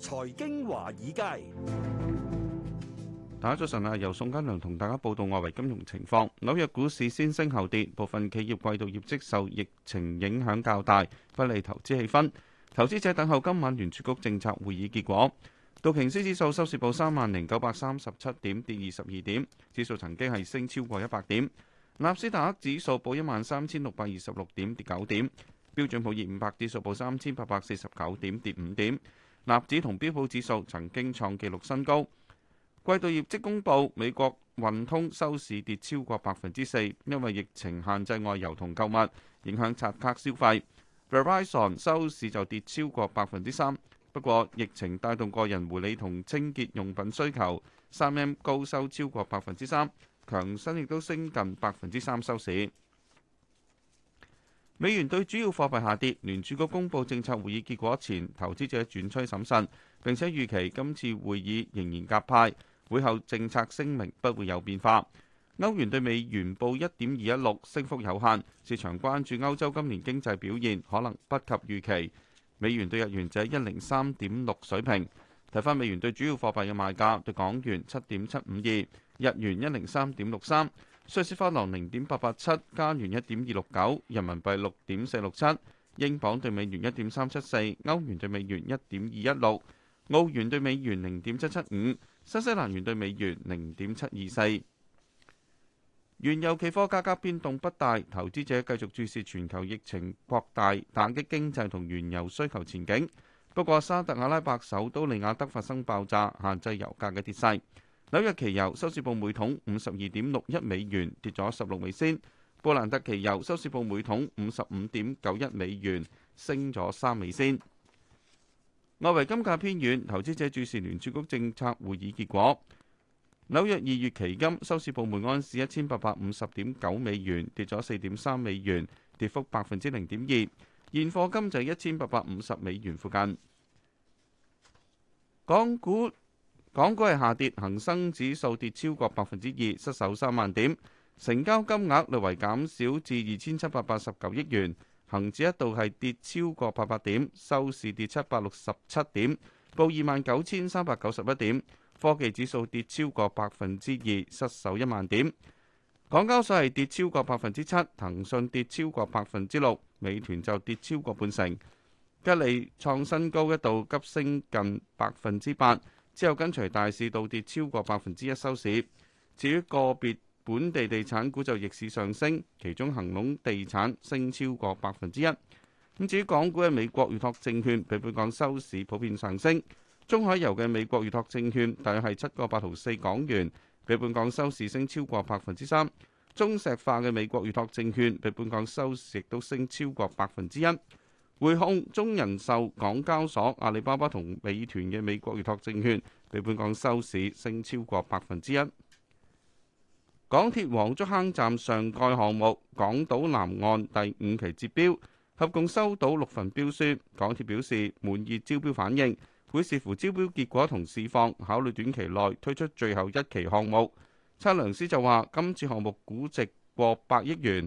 財經華爾街，大家早晨啊！由宋家良同大家報道外圍金融情況。紐約股市先升後跌，部分企業季度業績受疫情影響較大，不利投資氣氛。投資者等候今晚聯儲局政策會議結果。道瓊斯指數收市報三萬零九百三十七點，跌二十二點。指數曾經係升超過一百點。納斯達克指數報一萬三千六百二十六點，跌九點。標準普爾五百指數報三千八百四十九點，跌五點。納指同標普指數曾經創紀錄新高。季度業績公布，美國運通收市跌超過百分之四，因為疫情限制外遊同購物，影響刷卡消費。Verizon 收市就跌超過百分之三。不過疫情帶動個人護理同清潔用品需求，三 M 高收超過百分之三，強生亦都升近百分之三收市。美元對主要貨幣下跌，聯儲局公布政策會議結果前，投資者轉趨審慎，並且預期今次會議仍然鴿派，會後政策聲明不會有變化。歐元對美元報一點二一六，升幅有限，市場關注歐洲今年經濟表現可能不及預期。美元對日元在一零三點六水平，睇返美元對主要貨幣嘅賣價，對港元七點七五二，日元一零三點六三。瑞士法郎零點八八七，加元一點二六九，人民幣六點四六七，英鎊對美元一點三七四，歐元對美元一點二一六，澳元對美元零點七七五，新西蘭元對美元零點七二四。原油期貨價格變動不大，投資者繼續注視全球疫情擴大，打擊經濟同原油需求前景。不過，沙特阿拉伯首都利雅得發生爆炸，限制油價嘅跌勢。紐約期油收市報每桶五十二點六一美元，跌咗十六美仙。布蘭特期油收市報每桶五十五點九一美元，升咗三美仙。外圍金價偏軟，投資者注視聯儲局政策會議結果。紐約二月期金收市報每安士一千八百五十點九美元，跌咗四點三美元，跌幅百分之零點二。現貨金就一千八百五十美元附近。港股。港股係下跌，恒生指數跌超過百分之二，失守三萬點，成交金額略為減少至二千七百八十九億元。恒指一度係跌超過八百點，收市跌七百六十七點，報二萬九千三百九十一點。科技指數跌超過百分之二，失守一萬點。港交所係跌超過百分之七，騰訊跌超過百分之六，美團就跌超過半成。吉利創新高一度急升近百分之八。之後跟隨大市倒跌超過百分之一收市。至於個別本地地產股就逆市上升，其中恒隆地產升超過百分之一。咁至於港股嘅美國預託證券，比本港收市普遍上升。中海油嘅美國預託證券大約係七個八毫四港元，比本港收市升超過百分之三。中石化嘅美國預託證券比本港收市亦都升超過百分之一。匯控、中人壽、港交所、阿里巴巴同美團嘅美國預託證券，比本港收市升超過百分之一。港鐵黃竹坑站上蓋項目港島南岸第五期接標，合共收到六份標書。港鐵表示滿意招標反應，會視乎招標結果同市況，考慮短期內推出最後一期項目。測量師就話，今次項目估值過百億元。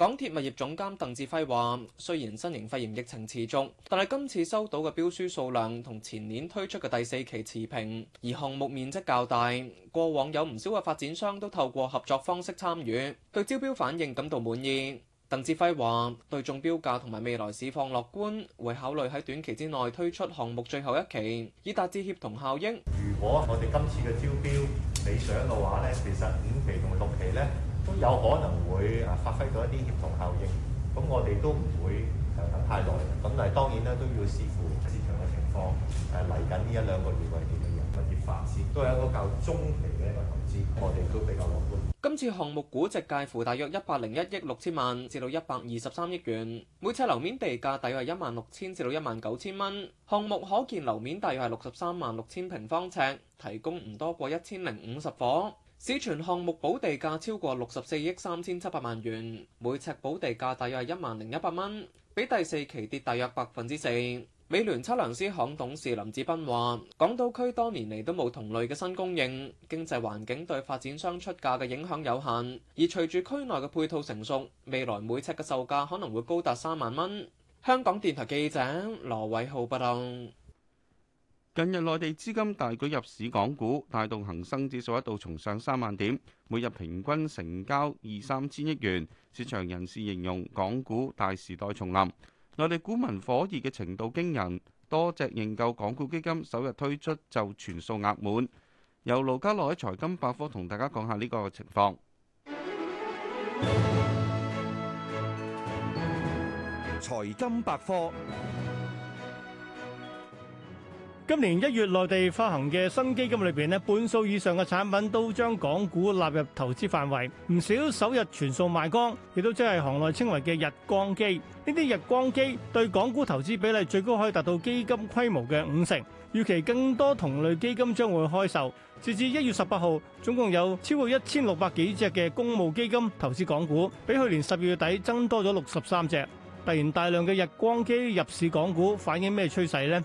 港鐵物業總監鄧志輝話：雖然新型肺炎疫情持續，但係今次收到嘅標書數量同前年推出嘅第四期持平，而項目面積較大，過往有唔少嘅發展商都透過合作方式參與，對招標反應感到滿意。鄧志輝話：對中標價同埋未來市況樂觀，會考慮喺短期之內推出項目最後一期，以達至協同效應。如果我哋今次嘅招標理想嘅話呢，其實五期同六期呢。都有可能會誒發揮到一啲協同效應，咁我哋都唔會誒等太耐咁，但係當然咧，都要視乎市場嘅情況，誒嚟緊呢一兩個月為點嘅人物業發展，都係一個較中期嘅一個投資，我哋都比較樂觀。今次項目估值介乎大約一百零一億六千萬至到一百二十三億元，每尺樓面地價大約係一萬六千至到一萬九千蚊，項目可建樓面大約係六十三萬六千平方尺，提供唔多過一千零五十房。市場項目保地價超過六十四億三千七百萬元，每尺保地價大約一萬零一百蚊，比第四期跌大約百分之四。美聯測量師行董事林志斌話，港島區多年嚟都冇同類嘅新供應，經濟環境對發展商出價嘅影響有限，而隨住區內嘅配套成熟，未來每尺嘅售價可能會高達三萬蚊。香港電台記者羅偉浩報道。近日內地資金大舉入市港股，帶動恒生指數一度重上三萬點，每日平均成交二三千億元。市場人士形容港股大時代重臨，內地股民火熱嘅程度驚人，多隻認購港股基金首日推出就全數額滿。由盧家樂喺財金百科同大家講下呢個情況。財金百科。今年一月內地發行嘅新基金裏邊呢，半數以上嘅產品都將港股納入投資範圍，唔少首日全數賣光，亦都即係行內稱為嘅日光機。呢啲日光機對港股投資比例最高可以達到基金規模嘅五成。預期更多同類基金將會開售。截至一月十八號，總共有超過一千六百幾隻嘅公募基金投資港股，比去年十二月底增多咗六十三隻。突然大量嘅日光機入市港股，反映咩趨勢呢？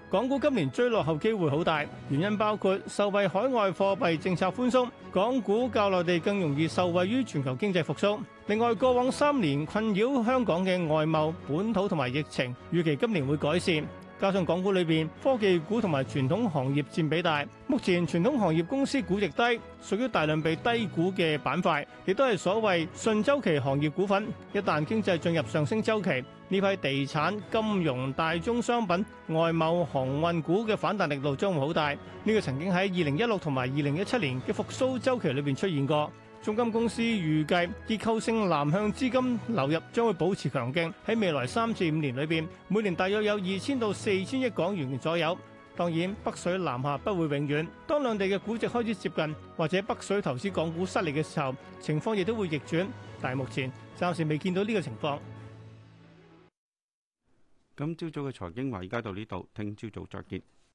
港股今年追落後機會好大，原因包括受惠海外貨幣政策寬鬆，港股較內地更容易受惠於全球經濟復甦。另外，過往三年困擾香港嘅外貿、本土同埋疫情，預期今年會改善。加上港股裏邊科技股同埋傳統行業占比大，目前傳統行業公司估值低，屬於大量被低估嘅板塊，亦都係所謂順周期行業股份。一旦經濟進入上升周期，呢批地產、金融、大宗商品、外貿航運股嘅反彈力度將會好大。呢個曾經喺二零一六同埋二零一七年嘅復甦周期裏邊出現過。中金公司預計，結構性南向資金流入將會保持強勁，喺未來三至五年裏面，每年大約有二千到四千億港元左右。當然，北水南下不會永遠，當兩地嘅估值開始接近，或者北水投資港股失利嘅時候，情況亦都會逆轉。但係目前暫時未見到呢個情況。今朝早嘅財經話而家到呢度，聽朝早再見。